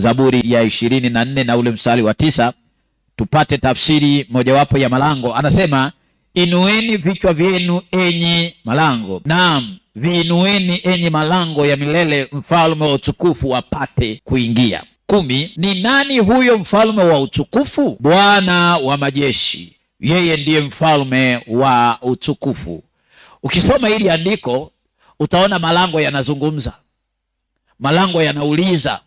Zaburi ya ishirini na nne na ule msali wa tisa tupate tafsiri mojawapo ya malango. Anasema, inueni vichwa vyenu enyi malango, naam viinueni enyi malango ya milele, mfalme wa utukufu apate kuingia. Kumi, ni nani huyo mfalme wa utukufu? Bwana wa majeshi, yeye ndiye mfalme wa utukufu. Ukisoma hili andiko utaona malango yanazungumza, malango yanauliza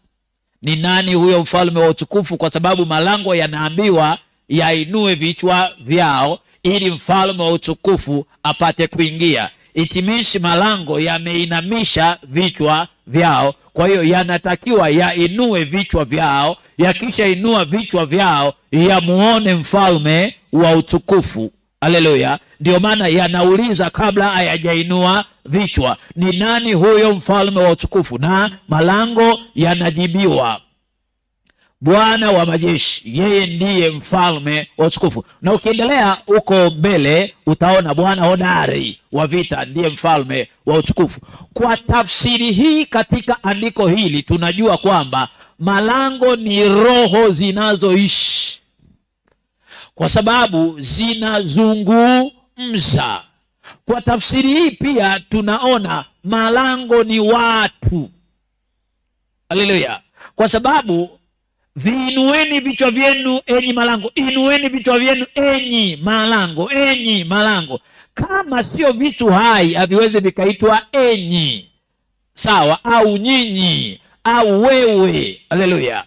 ni nani huyo mfalme wa utukufu, kwa sababu malango yanaambiwa yainue vichwa vyao ili mfalme wa utukufu apate kuingia. Itimishi malango yameinamisha vichwa vyao, kwa hiyo yanatakiwa yainue vichwa vyao. Yakishainua vichwa vyao, yamuone mfalme wa utukufu. Haleluya! Ndio maana yanauliza kabla hayajainua vichwa. Ni nani huyo mfalme wa utukufu? Na malango yanajibiwa. Bwana wa majeshi, yeye ndiye mfalme wa utukufu. Na ukiendelea huko mbele utaona Bwana hodari wa vita ndiye mfalme wa utukufu. Kwa tafsiri hii katika andiko hili tunajua kwamba malango ni roho zinazoishi, kwa sababu zinazungumza kwa tafsiri hii pia tunaona malango ni watu. Haleluya! Kwa sababu viinueni vichwa vyenu enyi malango, inueni vichwa vyenu enyi malango, enyi malango. Kama sio vitu hai haviwezi vikaitwa enyi, sawa? Au nyinyi au wewe. Haleluya!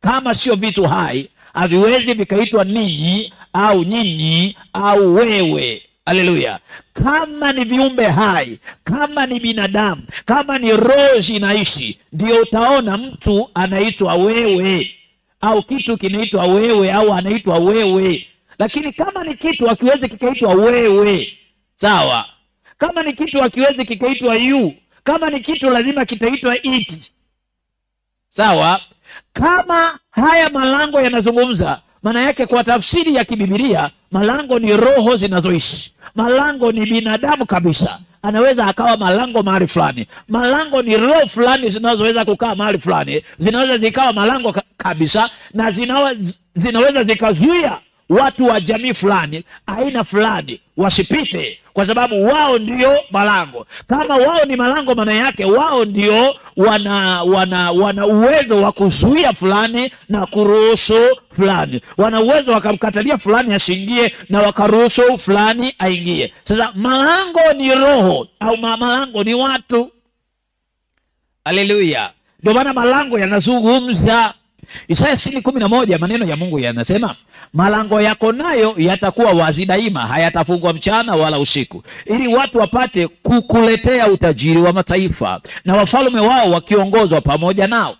Kama sio vitu hai haviwezi vikaitwa ninyi au nyinyi au wewe. Haleluya! Kama ni viumbe hai, kama ni binadamu, kama ni roho inaishi, ndio utaona mtu anaitwa wewe au kitu kinaitwa wewe au anaitwa wewe. Lakini kama ni kitu hakiwezi kikaitwa wewe, sawa? Kama ni kitu hakiwezi kikaitwa you. Kama ni kitu lazima kitaitwa it, sawa? Kama haya malango yanazungumza maana yake kwa tafsiri ya kibibilia, malango ni roho zinazoishi, malango ni binadamu kabisa anaweza akawa malango mahali fulani. Malango ni roho fulani zinazoweza kukaa mahali fulani, zinaweza zikawa malango kabisa, na zinaweza, zinaweza zikazuia watu wa jamii fulani, aina fulani wasipite, kwa sababu wao ndio malango. Kama wao ni malango, maana yake wao ndio wana wana wana uwezo wa kuzuia fulani na kuruhusu fulani, wana uwezo wakamkatalia fulani asiingie na wakaruhusu fulani aingie. Sasa malango ni roho au malango ni watu. Haleluya! Ndio maana malango yanazungumza Isaya sitini kumi na moja maneno ya Mungu yanasema, malango yako nayo yatakuwa wazi daima, hayatafungwa mchana wala usiku, ili watu wapate kukuletea utajiri wa mataifa na wafalume wao wakiongozwa pamoja nao.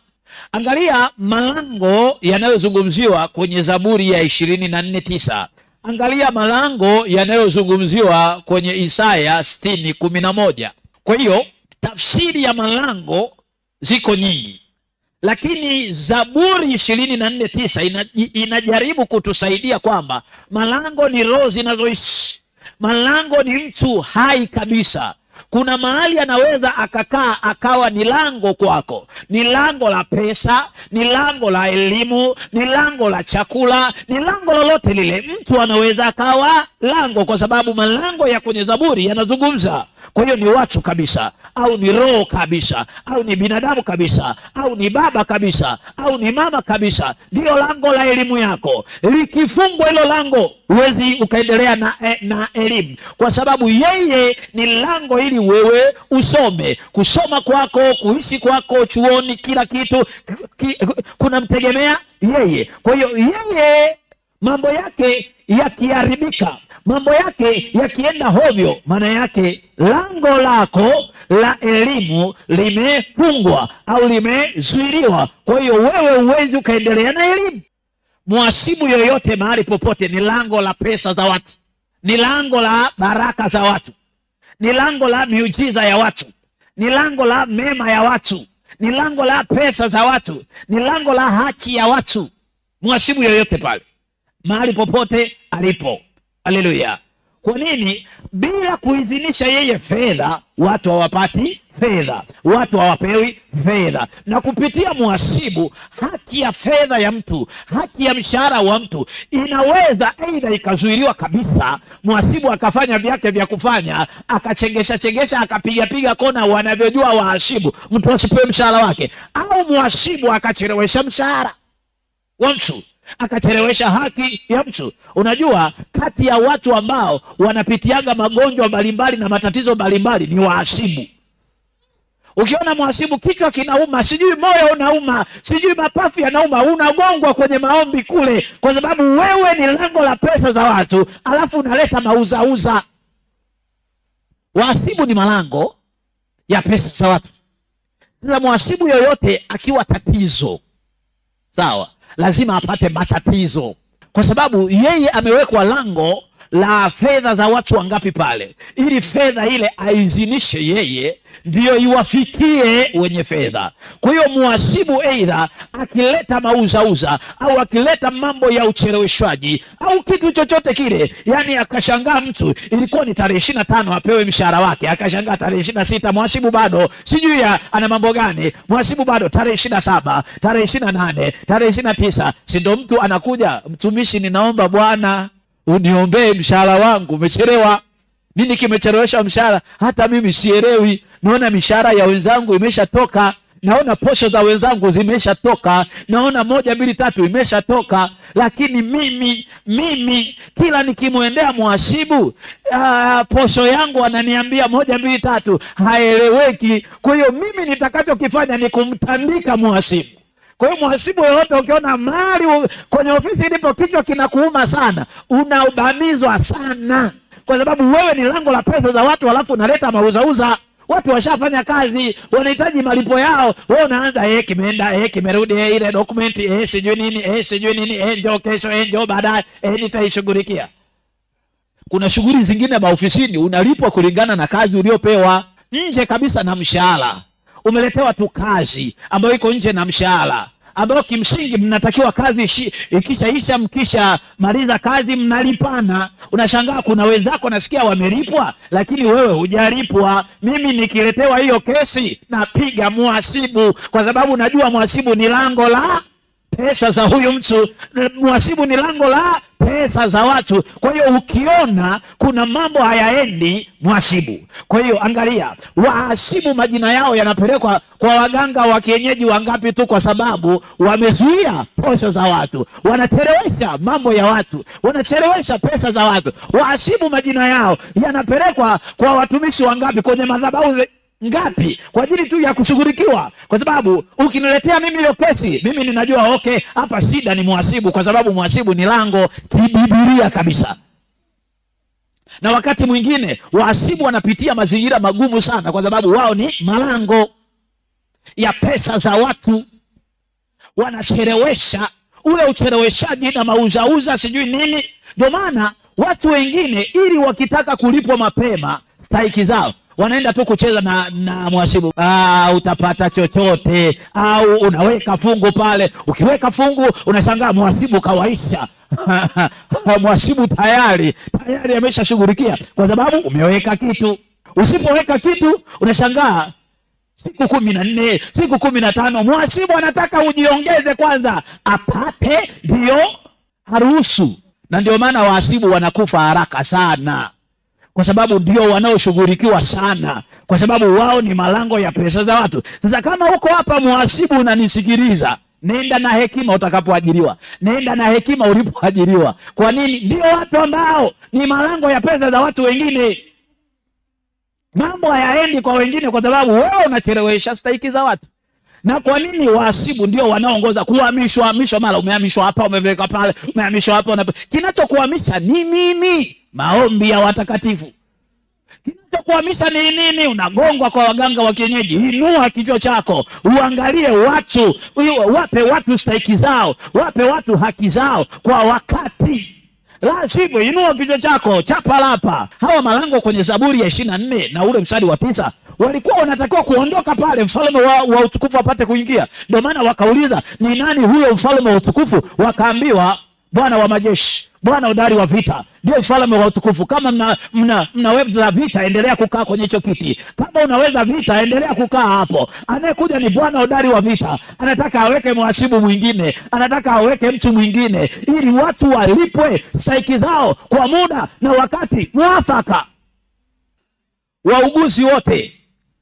Angalia malango yanayozungumziwa kwenye Zaburi ya ishirini na nne tisa. Angalia malango yanayozungumziwa kwenye Isaya sitini kumi na moja. Kwa hiyo tafsiri ya malango ziko nyingi. Lakini Zaburi ishirini na nne tisa inajaribu kutusaidia kwamba malango ni roho zinazoishi, malango ni mtu hai kabisa. Kuna mahali anaweza akakaa akawa ni lango kwako, ni lango la pesa, ni lango la elimu, ni lango la chakula, ni lango lolote lile. Mtu anaweza akawa lango, kwa sababu malango ya kwenye Zaburi yanazungumza. Kwa hiyo ni watu kabisa, au ni roho kabisa, au ni binadamu kabisa, au ni baba kabisa, au ni mama kabisa, ndiyo lango la elimu yako. Likifungwa hilo lango, huwezi ukaendelea na, eh, na elimu, kwa sababu yeye ni lango ili wewe usome. Kusoma kwako, kuishi kwako chuoni, kila kitu ki, kunamtegemea yeye. Kwa hiyo yeye mambo yake yakiharibika, mambo yake yakienda hovyo, maana yake lango lako la elimu limefungwa au limezuiliwa. Kwa hiyo wewe huwezi ukaendelea na elimu. mwasibu yoyote mahali popote ni lango la pesa za watu, ni lango la baraka za watu ni lango la miujiza ya watu, ni lango la mema ya watu, ni lango la pesa za watu, ni lango la haki ya watu. mwashibu yoyote pale mahali popote alipo. Haleluya! Kwa nini? Bila kuidhinisha yeye fedha, watu hawapati fedha, watu hawapewi fedha, na kupitia mhasibu, haki ya fedha ya mtu, haki ya mshahara wa mtu inaweza aidha ikazuiliwa kabisa, mhasibu akafanya vyake vya kufanya, akachengesha chengesha, akapigapiga kona wanavyojua wahasibu, mtu asipewe mshahara wake, au mhasibu akachelewesha mshahara wa mtu akachelewesha haki ya mtu. Unajua, kati ya watu ambao wanapitiaga magonjwa mbalimbali na matatizo mbalimbali ni wahasibu. Ukiona mwasibu kichwa kinauma, sijui moyo unauma, sijui mapafu yanauma, unagongwa kwenye maombi kule, kwa sababu wewe ni lango la pesa za watu, alafu unaleta mauzauza. Wasibu ni malango ya pesa za watu. Sasa mwasibu yoyote akiwa tatizo, sawa, lazima apate matatizo, kwa sababu yeye amewekwa lango la fedha za watu wangapi pale, ili fedha ile aizinishe yeye, ndiyo iwafikie wenye fedha. Kwa hiyo muhasibu aidha akileta mauzauza au akileta mambo ya ucheleweshwaji au kitu chochote kile, yani akashangaa mtu ilikuwa ni tarehe ishirini na tano apewe mshahara wake, akashangaa tarehe ishirini na sita muhasibu bado sijui ana mambo gani, muhasibu bado, tarehe ishirini na saba tarehe ishirini na nane tarehe ishirini na tisa si ndo mtu anakuja mtumishi, ninaomba bwana uniombee mshahara wangu, umechelewa. Nini kimechelewesha mshahara? Hata mimi sielewi. Naona mishahara ya wenzangu imeshatoka, naona posho za wenzangu zimeshatoka, naona moja mbili tatu imeshatoka, lakini mimi mimi kila nikimwendea mhasibu ah, posho yangu ananiambia moja mbili tatu, haeleweki. Kwa hiyo mimi nitakachokifanya ni kumtandika mhasibu kwa hiyo mhasibu yoyote, ukiona mali kwenye ofisi ilipo kichwa kinakuuma sana, unaubamizwa sana, kwa sababu wewe ni lango la pesa za watu, halafu unaleta mauzauza. Watu washafanya kazi, wanahitaji malipo yao, wewe unaanza eh, kimeenda eh, kimerudi eh, ile dokumenti eh, sijui nini eh, sijui nini eh, njoo kesho eh, njoo baadaye eh, nitaishughulikia. Kuna shughuli zingine maofisini unalipwa kulingana na kazi uliopewa, nje kabisa na mshahara umeletewa tu kazi ambayo iko nje na mshahara ambayo kimsingi mnatakiwa kazi ikishaisha, mkisha maliza kazi mnalipana. Unashangaa kuna wenzako nasikia wamelipwa, lakini wewe hujalipwa. Mimi nikiletewa hiyo kesi napiga mwasibu, kwa sababu najua mwasibu ni lango la pesa za huyu mtu. mwasibu ni lango la pesa za watu. Kwa hiyo ukiona kuna mambo hayaendi, mwasibu Kwa hiyo angalia, waasibu majina yao yanapelekwa kwa waganga wa kienyeji wangapi tu, kwa sababu wamezuia posho za watu, wanachelewesha mambo ya watu, wanachelewesha pesa za watu. waasibu majina yao yanapelekwa kwa watumishi wangapi kwenye madhabahu ngapi kwa ajili tu ya kushughulikiwa, kwa sababu ukiniletea mimi hiyo kesi, mimi ninajua okay, hapa shida ni mhasibu, kwa sababu mhasibu ni lango kibibilia kabisa. Na wakati mwingine wahasibu wanapitia mazingira magumu sana, kwa sababu wao ni malango ya pesa za watu, wanacherewesha ule ucheleweshaji na mauzauza sijui nini. Ndio maana watu wengine ili wakitaka kulipwa mapema stahiki zao wanaenda tu kucheza na, na mhasibu ah, utapata chochote au unaweka fungu pale. Ukiweka fungu unashangaa mhasibu kawaisha mhasibu tayari tayari ameshashughulikia kwa sababu umeweka kitu. Usipoweka kitu unashangaa siku kumi na nne siku kumi na tano mwasibu anataka ujiongeze kwanza apate, ndiyo haruhusu. Na ndio maana wahasibu wanakufa haraka sana kwa sababu ndio wanaoshughulikiwa sana, kwa sababu wao ni malango ya pesa za watu. Sasa kama uko hapa muhasibu, unanisikiliza, nenda na hekima utakapoajiriwa, nenda na hekima ulipoajiriwa. Kwa nini? Ndio watu ambao ni malango ya pesa za watu wengine. Mambo hayaendi kwa wengine kwa sababu wewe unachelewesha stahiki za watu. Na kwa nini waasibu ndio wanaongoza kuhamishwa hamishwa, mara umehamishwa hapa, umepelekwa pale, umehamishwa hapa. Kinachokuhamisha ni nini? Maombi ya watakatifu. Kinachokuhamisha ni nini? Unagongwa kwa waganga wa kienyeji. Inua kichwa chako, uangalie watu, wape watu stahiki zao, wape watu haki zao kwa wakati. La sivyo, inua kichwa chako, chapa lapa. Hawa malango kwenye Zaburi ya ishirini na nne na ule mstari wa tisa walikuwa wanatakiwa kuondoka pale, mfalme wa, wa utukufu apate kuingia. Ndio maana wakauliza ni nani huyo mfalme wa utukufu, wakaambiwa Bwana wa majeshi, Bwana udari wa vita, ndiye mfalme wa utukufu. Kama mna, mna, mnaweza vita, endelea kukaa kwenye hicho kiti. Kama unaweza vita, endelea kukaa hapo. Anayekuja ni Bwana udari wa vita, anataka aweke mhasibu mwingine, anataka aweke mtu mwingine, ili watu walipwe stahiki zao kwa muda na wakati mwafaka. Wauguzi wote,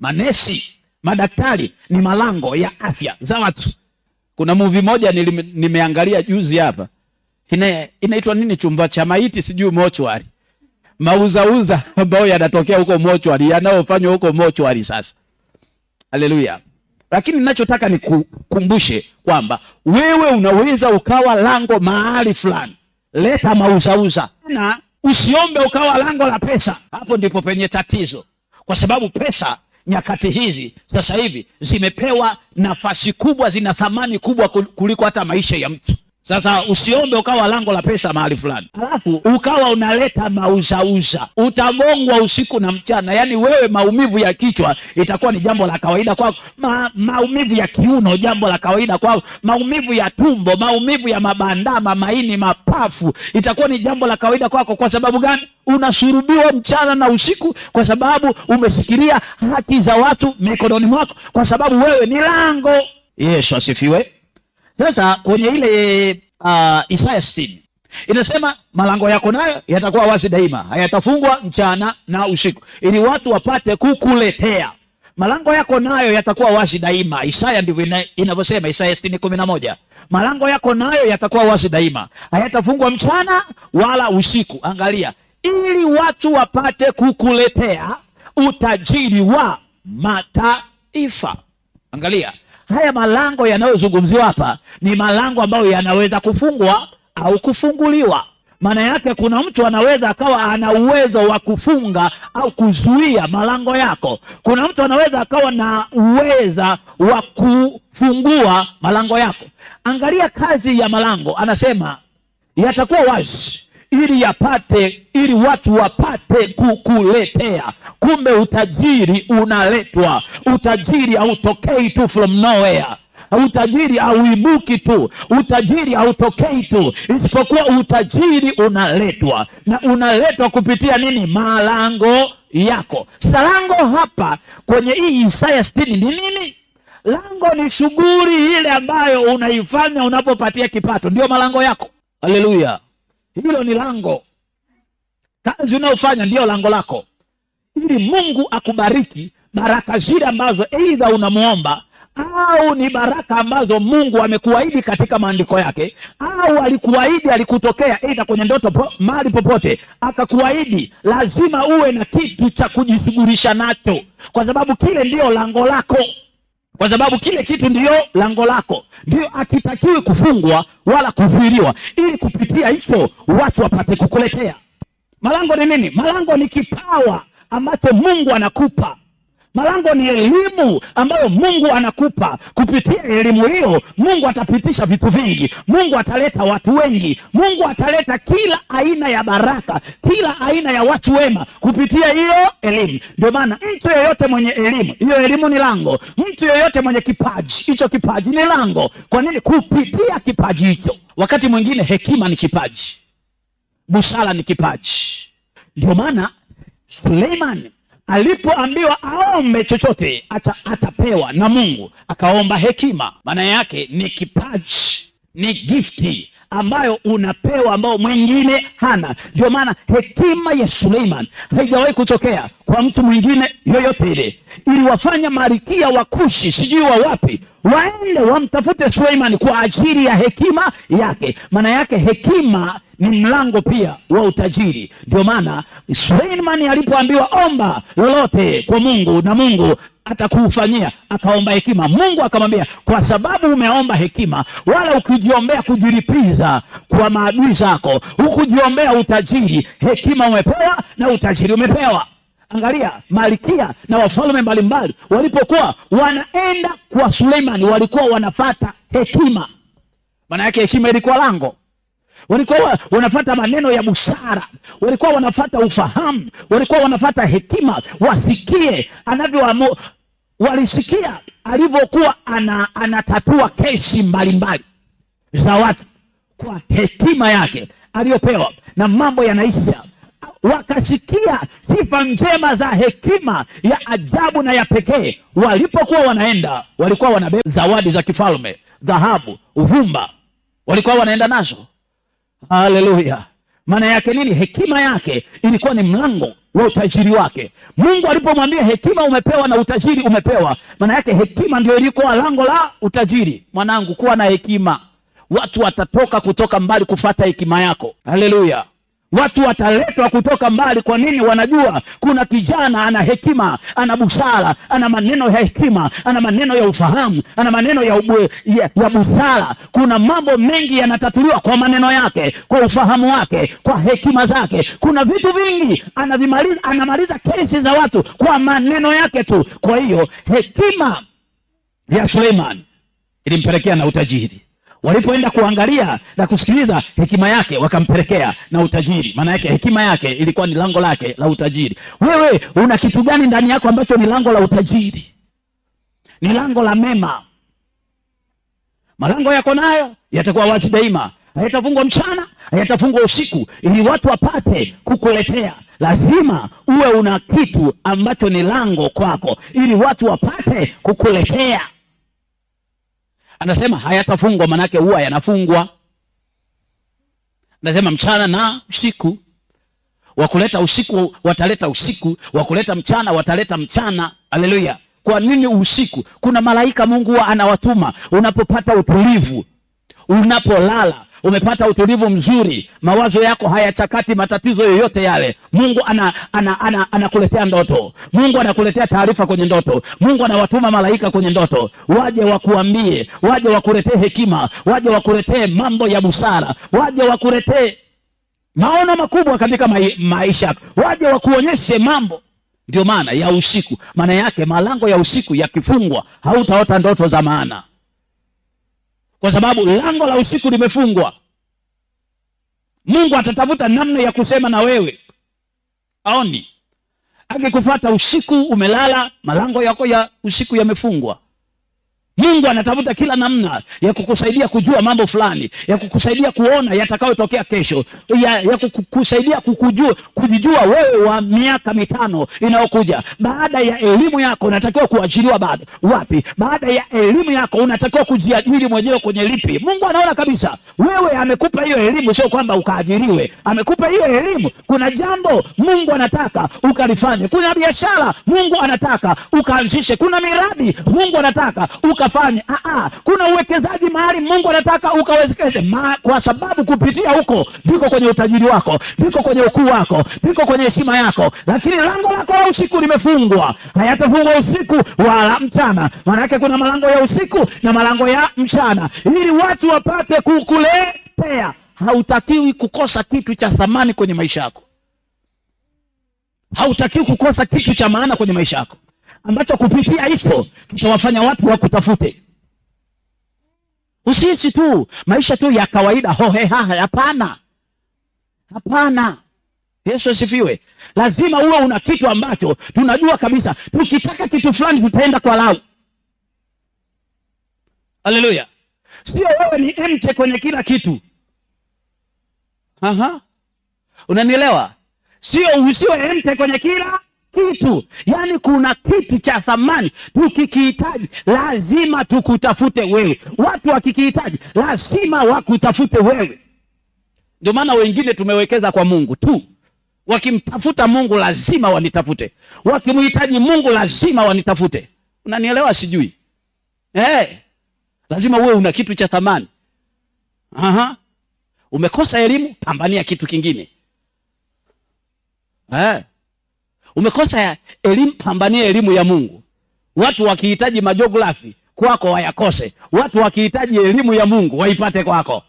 manesi, madaktari ni malango ya afya za watu. Kuna muvi moja nime, nimeangalia juzi hapa ina, inaitwa nini chumba cha maiti sijui mochwari, mauzauza ambayo yanatokea huko mochwari, yanayofanywa huko mochwari. Sasa haleluya! Lakini ninachotaka nikukumbushe kwamba wewe unaweza ukawa lango mahali fulani, leta mauzauza na usiombe ukawa lango la pesa. Hapo ndipo penye tatizo, kwa sababu pesa nyakati hizi sasa hivi zimepewa nafasi kubwa, zina thamani kubwa kuliko hata maisha ya mtu. Sasa usiombe ukawa lango la pesa mahali fulani, alafu ukawa unaleta mauzauza, utamongwa usiku na mchana. Yaani wewe maumivu ya kichwa itakuwa ni jambo la kawaida kwako, ma, maumivu ya kiuno jambo la kawaida kwako, maumivu ya tumbo, maumivu ya mabandama, maini, mapafu itakuwa ni jambo la kawaida kwako. Kwa sababu gani? Unasurubiwa mchana na usiku, kwa sababu umefikiria haki za watu mikononi mwako, kwa sababu wewe ni lango. Yesu asifiwe. Sasa kwenye ile uh, Isaya 60 inasema malango yako nayo yatakuwa wazi daima, hayatafungwa mchana na usiku, ili watu wapate kukuletea. Malango yako nayo yatakuwa wazi daima. Isaya ndivyo inavyosema, Isaya 60:11 malango yako nayo yatakuwa wazi daima, hayatafungwa mchana wala usiku. Angalia, ili watu wapate kukuletea utajiri wa mataifa. Angalia haya malango yanayozungumziwa hapa ni malango ambayo yanaweza kufungwa au kufunguliwa. Maana yake kuna mtu anaweza akawa ana uwezo wa kufunga au kuzuia malango yako. Kuna mtu anaweza akawa na uweza wa kufungua malango yako. Angalia kazi ya malango, anasema yatakuwa wazi ili yapate ili watu wapate kukuletea. Kumbe utajiri unaletwa. Utajiri hautokei tu from nowhere. Utajiri hauibuki tu, utajiri hautokei tu, isipokuwa utajiri unaletwa. Na unaletwa kupitia nini? Malango yako. Sasa lango hapa kwenye hii Isaya sitini ni nini? Lango ni shughuli ile ambayo unaifanya unapopatia kipato, ndio malango yako. Haleluya! Hilo ni lango. Kazi unayofanya ndiyo lango lako, ili Mungu akubariki baraka zile ambazo aidha unamwomba au ni baraka ambazo Mungu amekuahidi katika maandiko yake, au alikuahidi, alikutokea aidha kwenye ndoto po, mahali popote akakuahidi. Lazima uwe na kitu cha kujishughulisha nacho, kwa sababu kile ndiyo lango lako kwa sababu kile kitu ndiyo lango lako, ndiyo hakitakiwi kufungwa wala kuzuiliwa, ili kupitia hicho watu wapate kukuletea. Malango ni nini? Malango ni kipawa ambacho Mungu anakupa Malango ni elimu ambayo Mungu anakupa. Kupitia elimu hiyo, Mungu atapitisha vitu vingi, Mungu ataleta watu wengi, Mungu ataleta kila aina ya baraka, kila aina ya watu wema kupitia hiyo elimu. Ndio maana mtu yeyote mwenye elimu, hiyo elimu ni lango. Mtu yeyote mwenye kipaji, hicho kipaji ni lango. Kwa nini? Kupitia kipaji hicho. Wakati mwingine hekima ni kipaji, busara ni kipaji. Ndio maana Suleiman alipoambiwa aombe chochote acha atapewa na Mungu, akaomba hekima. Maana yake ni kipaji, ni gifti ambayo unapewa ambao mwingine hana. Ndio maana hekima ya Suleiman haijawahi kutokea kwa mtu mwingine yoyote ile. Iliwafanya malikia wa Kushi sijui wa wapi waende wamtafute Suleiman kwa ajili ya hekima yake. Maana yake hekima ni mlango pia wa utajiri. Ndio maana Suleiman alipoambiwa omba lolote kwa Mungu na Mungu atakufanyia, akaomba hekima. Mungu akamwambia, kwa sababu umeomba hekima, wala ukijiombea kujilipiza kwa maadui zako, hukujiombea utajiri. Hekima umepewa na utajiri umepewa. Angalia malikia na wafalme mbalimbali walipokuwa wanaenda kwa Suleimani, walikuwa wanafata hekima. Maana yake hekima ilikuwa lango walikuwa wanafata maneno ya busara, walikuwa wanafata ufahamu, walikuwa wanafata hekima, wasikie anavyoamua. Walisikia alivyokuwa ana, anatatua kesi mbalimbali za watu kwa hekima yake aliyopewa na mambo yanaisha. Wakasikia sifa njema za hekima ya ajabu na ya pekee. Walipokuwa wanaenda, walikuwa wanabeba zawadi za kifalme, dhahabu, uvumba, walikuwa wanaenda nazo. Haleluya! Maana yake nini? Hekima yake ilikuwa ni mlango wa utajiri wake. Mungu alipomwambia hekima umepewa na utajiri umepewa, maana yake hekima ndio ilikuwa lango la utajiri. Mwanangu, kuwa na hekima, watu watatoka kutoka mbali kufata hekima yako. Haleluya! Watu wataletwa kutoka mbali. Kwa nini? Wanajua kuna kijana ana hekima, ana busara, ana maneno ya hekima, ana maneno ya ufahamu, ana maneno ya, ubwe, ya, ya busara. Kuna mambo mengi yanatatuliwa kwa maneno yake, kwa ufahamu wake, kwa hekima zake. Kuna vitu vingi anavimaliza, anamaliza kesi za watu kwa maneno yake tu. Kwa hiyo hekima ya Suleiman ilimpelekea na utajiri. Walipoenda kuangalia na kusikiliza hekima yake, wakampelekea na utajiri. Maana yake hekima yake ilikuwa ni lango lake la utajiri. Wewe una kitu gani ndani yako ambacho ni lango la utajiri, ni lango la mema? Malango yako nayo yatakuwa wazi daima, hayatafungwa mchana, hayatafungwa usiku, ili watu wapate kukuletea. Lazima uwe una kitu ambacho ni lango kwako, ili watu wapate kukuletea anasema hayatafungwa, manake huwa yanafungwa. Anasema mchana na usiku, wakuleta usiku wataleta usiku, wakuleta mchana wataleta mchana. Haleluya! Kwa nini usiku? Kuna malaika Mungu huwa anawatuma unapopata utulivu, unapolala umepata utulivu mzuri, mawazo yako hayachakati matatizo yoyote yale. Mungu anakuletea ana, ana, ana ndoto. Mungu anakuletea taarifa kwenye ndoto. Mungu anawatuma malaika kwenye ndoto, waje wakuambie, waje wakuletee hekima, waje wakuletee mambo ya busara, waje wakuletee maono makubwa katika maisha, waje wakuonyeshe mambo ndio maana ya usiku. Maana yake malango ya usiku yakifungwa, hautaota ndoto za maana kwa sababu lango la usiku limefungwa. Mungu atatafuta namna ya kusema na wewe, aoni akikufuata usiku umelala, malango yako ya usiku yamefungwa. Mungu anatafuta kila namna ya kukusaidia kujua mambo fulani, ya kukusaidia kuona yatakayotokea kesho, ya, ya kukusaidia kukujua, kujijua wewe wa miaka mitano inayokuja. Baada ya elimu yako unatakiwa kuajiriwa bado wapi? Baada ya elimu yako unatakiwa kujiajiri mwenyewe kwenye lipi? Mungu anaona kabisa wewe, amekupa hiyo elimu, sio kwamba ukaajiriwe. Amekupa hiyo elimu. Kuna jambo Mungu anataka ukalifanye, kuna biashara Mungu anataka ukaanzishe, kuna miradi Mungu anataka uka ukafanye. Aa, ah, ah, kuna uwekezaji mahali Mungu anataka ukawezekeze Ma, kwa sababu kupitia huko ndiko kwenye utajiri wako, ndiko kwenye ukuu wako, ndiko kwenye heshima yako. Lakini lango lako la usiku limefungwa, hayatafungwa usiku wala mchana. Maana kuna malango ya usiku na malango ya mchana, ili watu wapate kukuletea. Hautakiwi kukosa kitu cha thamani kwenye maisha yako, hautakiwi kukosa kitu cha maana kwenye maisha yako ambacho kupitia hicho kitawafanya watu wakutafute. Usiishi tu maisha tu ya kawaida hohehaha. Hapana, hapana. Yesu asifiwe. Lazima uwe una kitu ambacho tunajua kabisa, tukitaka kitu fulani tutaenda kwa lau. Haleluya! Sio wewe ni mte kwenye kila kitu. Aha, unanielewa? Sio usiwe mte kwenye kila kitu, yani kuna kitu cha thamani tukikihitaji lazima tukutafute wewe. Watu wakikihitaji lazima wakutafute wewe. Ndio maana wengine tumewekeza kwa Mungu tu, wakimtafuta Mungu lazima wanitafute, wakimhitaji Mungu lazima wanitafute. Unanielewa? Sijui hey, eh, lazima wewe una kitu cha thamani. Aha. Umekosa elimu, pambania kitu kingine eh. Umekosa elimu, pambania elimu ya Mungu. Watu wakihitaji majografi kwako wayakose, watu wakihitaji elimu ya Mungu waipate kwako,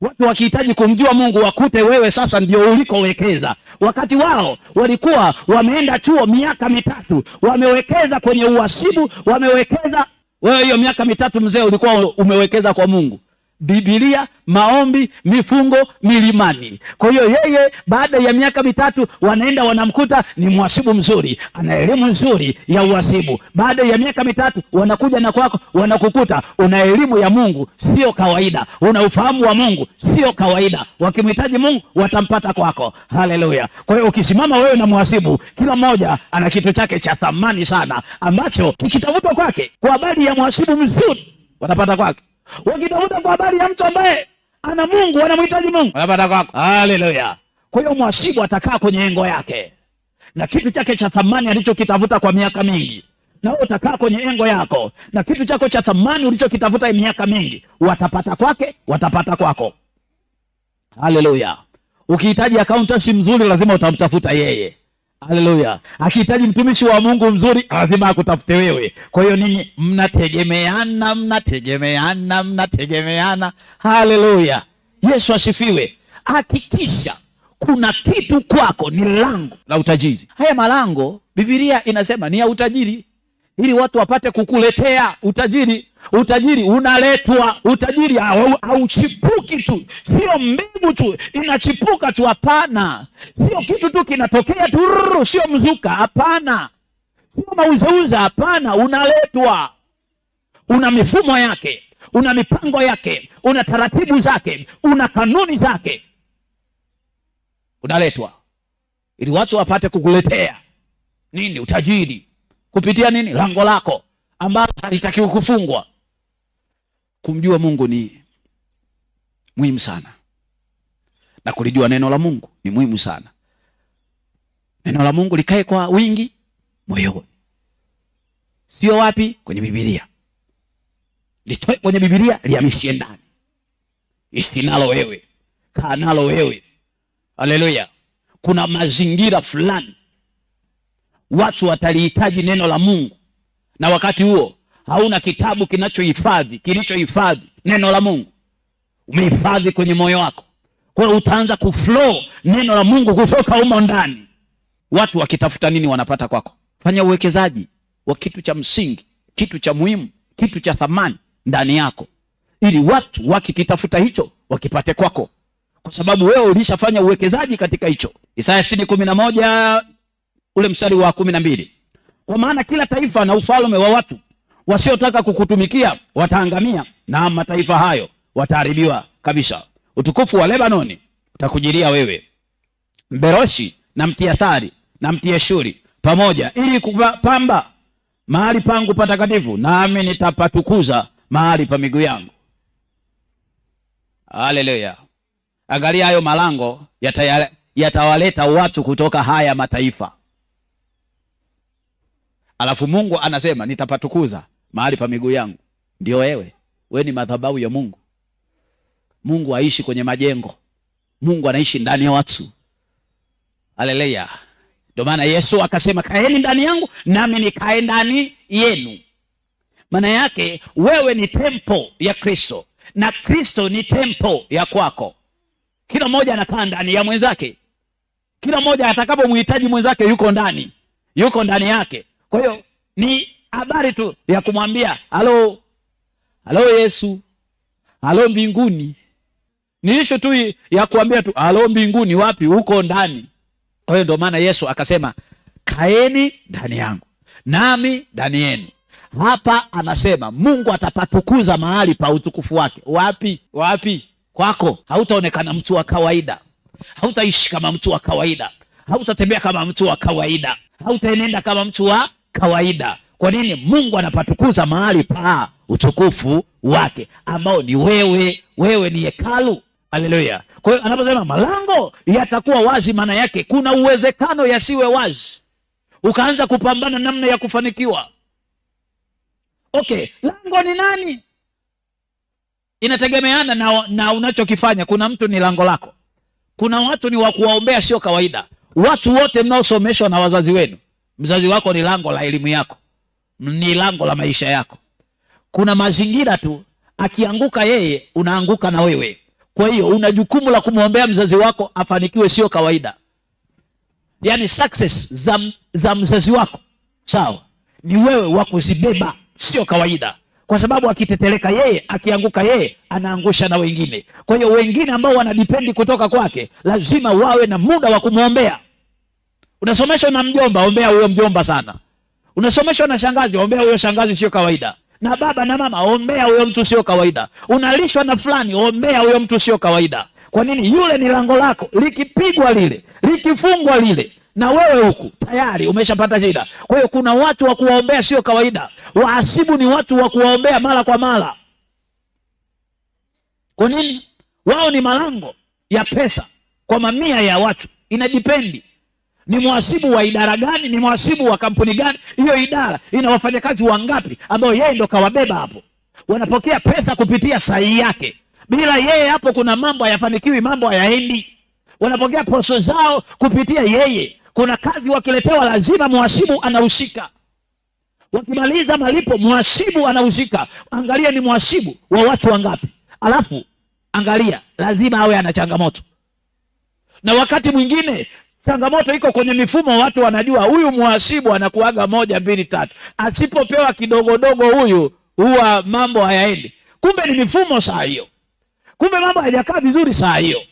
watu wakihitaji kumjua Mungu wakute wewe sasa ndio ulikowekeza. Wakati wao walikuwa wameenda chuo miaka mitatu, wamewekeza kwenye uhasibu, wamewekeza wewe. Hiyo miaka mitatu mzee ulikuwa umewekeza kwa Mungu Biblia, maombi, mifungo milimani. Kwa hiyo yeye baada ya miaka mitatu wanaenda wanamkuta ni mhasibu mzuri, ana elimu nzuri ya uhasibu. Baada ya miaka mitatu wanakuja na kwako, wanakukuta una elimu ya Mungu sio kawaida, una ufahamu wa Mungu sio kawaida. Wakimhitaji Mungu watampata kwako. Haleluya! Kwa hiyo ukisimama wewe na mhasibu, kila mmoja ana kitu chake cha thamani sana ambacho kikitafutwa kwake kwa habari ya mhasibu mzuri watapata kwake. Wakitafuta kwa habari ya mtu ambaye ana Mungu, anamhitaji Mungu, Haleluya! Kwa hiyo mwashibu atakaa kwenye engo yake na kitu chake cha thamani alichokitafuta kwa miaka mingi, na wewe utakaa kwenye engo yako na kitu chako cha thamani ulichokitafuta miaka mingi, watapata kwake, watapata kwako. Haleluya! Ukihitaji akauntansi mzuri, lazima utamtafuta yeye. Haleluya. Akihitaji mtumishi wa Mungu mzuri lazima akutafute wewe. Kwa hiyo ninyi mnategemeana, mnategemeana, mnategemeana. Haleluya. Yesu asifiwe. Hakikisha kuna kitu kwako ni lango la utajiri. Haya malango Biblia inasema ni ya utajiri ili watu wapate kukuletea utajiri. Utajiri unaletwa, utajiri hauchipuki tu, sio mbegu tu inachipuka tu. Hapana, sio kitu tu kinatokea tu, sio mzuka. Hapana, sio mauzeuza Hapana, unaletwa, una mifumo yake, una mipango yake, una taratibu zake, una kanuni zake. Unaletwa ili watu wapate kukuletea nini? Utajiri kupitia nini? Lango lako ambalo halitakiwi kufungwa. Kumjua Mungu ni muhimu sana, na kulijua neno la Mungu ni muhimu sana. Neno la Mungu likae kwa wingi moyoni, sio wapi? Kwenye Biblia. Litoe kwenye Biblia, lihamishie ndani, ishi nalo wewe, kaa nalo wewe. Haleluya! Kuna mazingira fulani watu watalihitaji neno la Mungu na wakati huo hauna kitabu kinachohifadhi kilichohifadhi neno la Mungu, umehifadhi kwenye moyo wako. Kwa hiyo utaanza kuflow neno la Mungu kutoka humo ndani. Watu wakitafuta nini wanapata kwako. Fanya uwekezaji wa kitu cha msingi, kitu cha muhimu, kitu cha thamani ndani yako, ili watu wakikitafuta hicho wakipate kwako, kwa sababu wewe ulishafanya uwekezaji katika hicho. Isaya sitini kumi na moja ule mstari wa kumi na mbili kwa maana kila taifa na ufalme wa watu wasiotaka kukutumikia wataangamia, na mataifa hayo wataharibiwa kabisa. Utukufu wa Lebanoni utakujilia wewe, mberoshi na mtiathari na mtieshuri pamoja, ili kupamba mahali pangu patakatifu, nami nitapatukuza mahali pa miguu yangu. Haleluya! Angalia hayo malango yatawaleta yata watu kutoka haya mataifa alafu Mungu anasema nitapatukuza mahali pa miguu yangu. Ndio wewe, wewe ni madhabahu ya Mungu. Mungu aishi kwenye majengo, Mungu anaishi ndani ya watu. Haleluya! Ndio maana Yesu akasema kaeni ndani yangu nami nikae ndani yenu. Maana yake wewe ni tempo ya Kristo na Kristo ni tempo ya kwako. Kila mmoja anakaa ndani ya mwenzake. Kila mmoja atakapomhitaji mwenzake, yuko ndani, yuko ndani yake. Kwa hiyo ni habari tu ya kumwambia halo, halo Yesu, halo mbinguni. Ni ishu tu ya kuambia tu halo mbinguni, wapi? Huko ndani. Kwa hiyo ndio maana Yesu akasema kaeni ndani yangu nami ndani yenu. Hapa anasema Mungu atapatukuza mahali pa utukufu wake. Wapi? Wapi? Kwako. Hautaonekana mtu wa kawaida, hautaishi kama mtu wa kawaida, hautatembea kama mtu wa kawaida, hautaenenda kama mtu wa kawaida. Kwa nini Mungu anapatukuza mahali pa utukufu wake ambao ni wewe? Wewe ni hekalu. Haleluya! Kwa hiyo anaposema malango yatakuwa wazi, maana yake kuna uwezekano yasiwe wazi, ukaanza kupambana namna ya kufanikiwa. Okay, lango ni nani? Inategemeana na, na unachokifanya. Kuna mtu ni lango lako, kuna watu ni wa kuwaombea, sio kawaida. Watu wote mnaosomeshwa na wazazi wenu Mzazi wako ni lango la elimu yako, ni lango la maisha yako. Kuna mazingira tu, akianguka yeye unaanguka na wewe. Kwa hiyo una jukumu la kumwombea mzazi wako afanikiwe, sio kawaida. Yaani success za, za mzazi wako sawa, ni wewe wa kuzibeba, sio kawaida kwa sababu akiteteleka yeye, akianguka yeye, anaangusha na wengine. Kwa hiyo wengine ambao wanadipendi kutoka kwake lazima wawe na muda wa kumwombea. Unasomeshwa na mjomba, ombea huyo mjomba sana. Unasomeshwa na shangazi, ombea huyo shangazi sio kawaida. Na baba na mama, ombea huyo mtu sio kawaida. Unalishwa na fulani, ombea huyo mtu sio kawaida. Kwa nini? Yule ni lango lako, likipigwa lile, likifungwa lile na wewe huku tayari umeshapata shida. Kwa hiyo kuna watu wa kuwaombea sio kawaida. Waasibu ni watu wa kuwaombea mara kwa mara. Kwa nini? Wao ni malango ya pesa kwa mamia ya watu, inadipendi. Ni mhasibu wa idara gani? Ni mhasibu wa kampuni gani? Hiyo idara ina wafanyakazi wangapi ambao yeye ndo kawabeba hapo? Wanapokea pesa kupitia sahihi yake. Bila yeye hapo kuna mambo hayafanikiwi, mambo hayaendi. Wanapokea posho zao kupitia yeye. Kuna kazi wakiletewa, lazima mhasibu anahusika. Wakimaliza malipo, mhasibu anahusika. Angalia ni mhasibu wa watu wangapi, alafu angalia, lazima awe ana changamoto na wakati mwingine Changamoto iko kwenye mifumo. Watu wanajua huyu mwasibu anakuaga moja mbili tatu, asipopewa kidogodogo huyu huwa mambo hayaendi. Kumbe ni mifumo saa hiyo, kumbe mambo hayajakaa vizuri saa hiyo.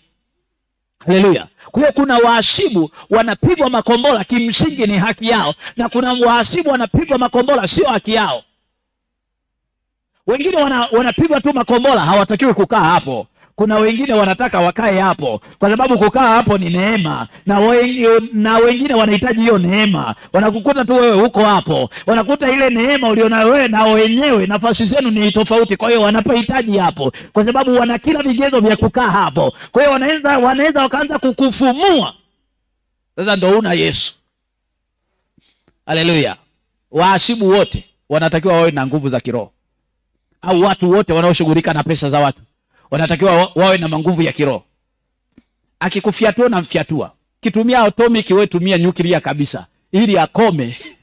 Haleluya! Kwa hiyo kuna wahasibu wanapigwa makombola, kimsingi ni haki yao, na kuna wahasibu wanapigwa makombola, sio haki yao. Wengine wanapigwa wana tu makombola, hawatakiwi kukaa hapo kuna wengine wanataka wakae hapo kwa sababu kukaa hapo ni neema, na, wengine, na wengine wanahitaji hiyo neema. Wanakukuta tu wewe huko hapo, wanakuta ile neema ulionayo wewe na wenyewe nafasi zenu ni tofauti, kwa hiyo wanapohitaji hapo, kwa sababu wana kila vigezo vya kukaa hapo. Kwa hiyo wanaweza wanaweza wakaanza kukufumua sasa, ndo una Yesu. Haleluya! waasibu wote wanatakiwa wawe na nguvu za kiroho, au watu wote wanaoshughulika na pesa za watu wanatakiwa wawe na manguvu ya kiroho. Akikufyatua namfyatua, kitumia atomic, wewe tumia nyuklia kabisa, ili akome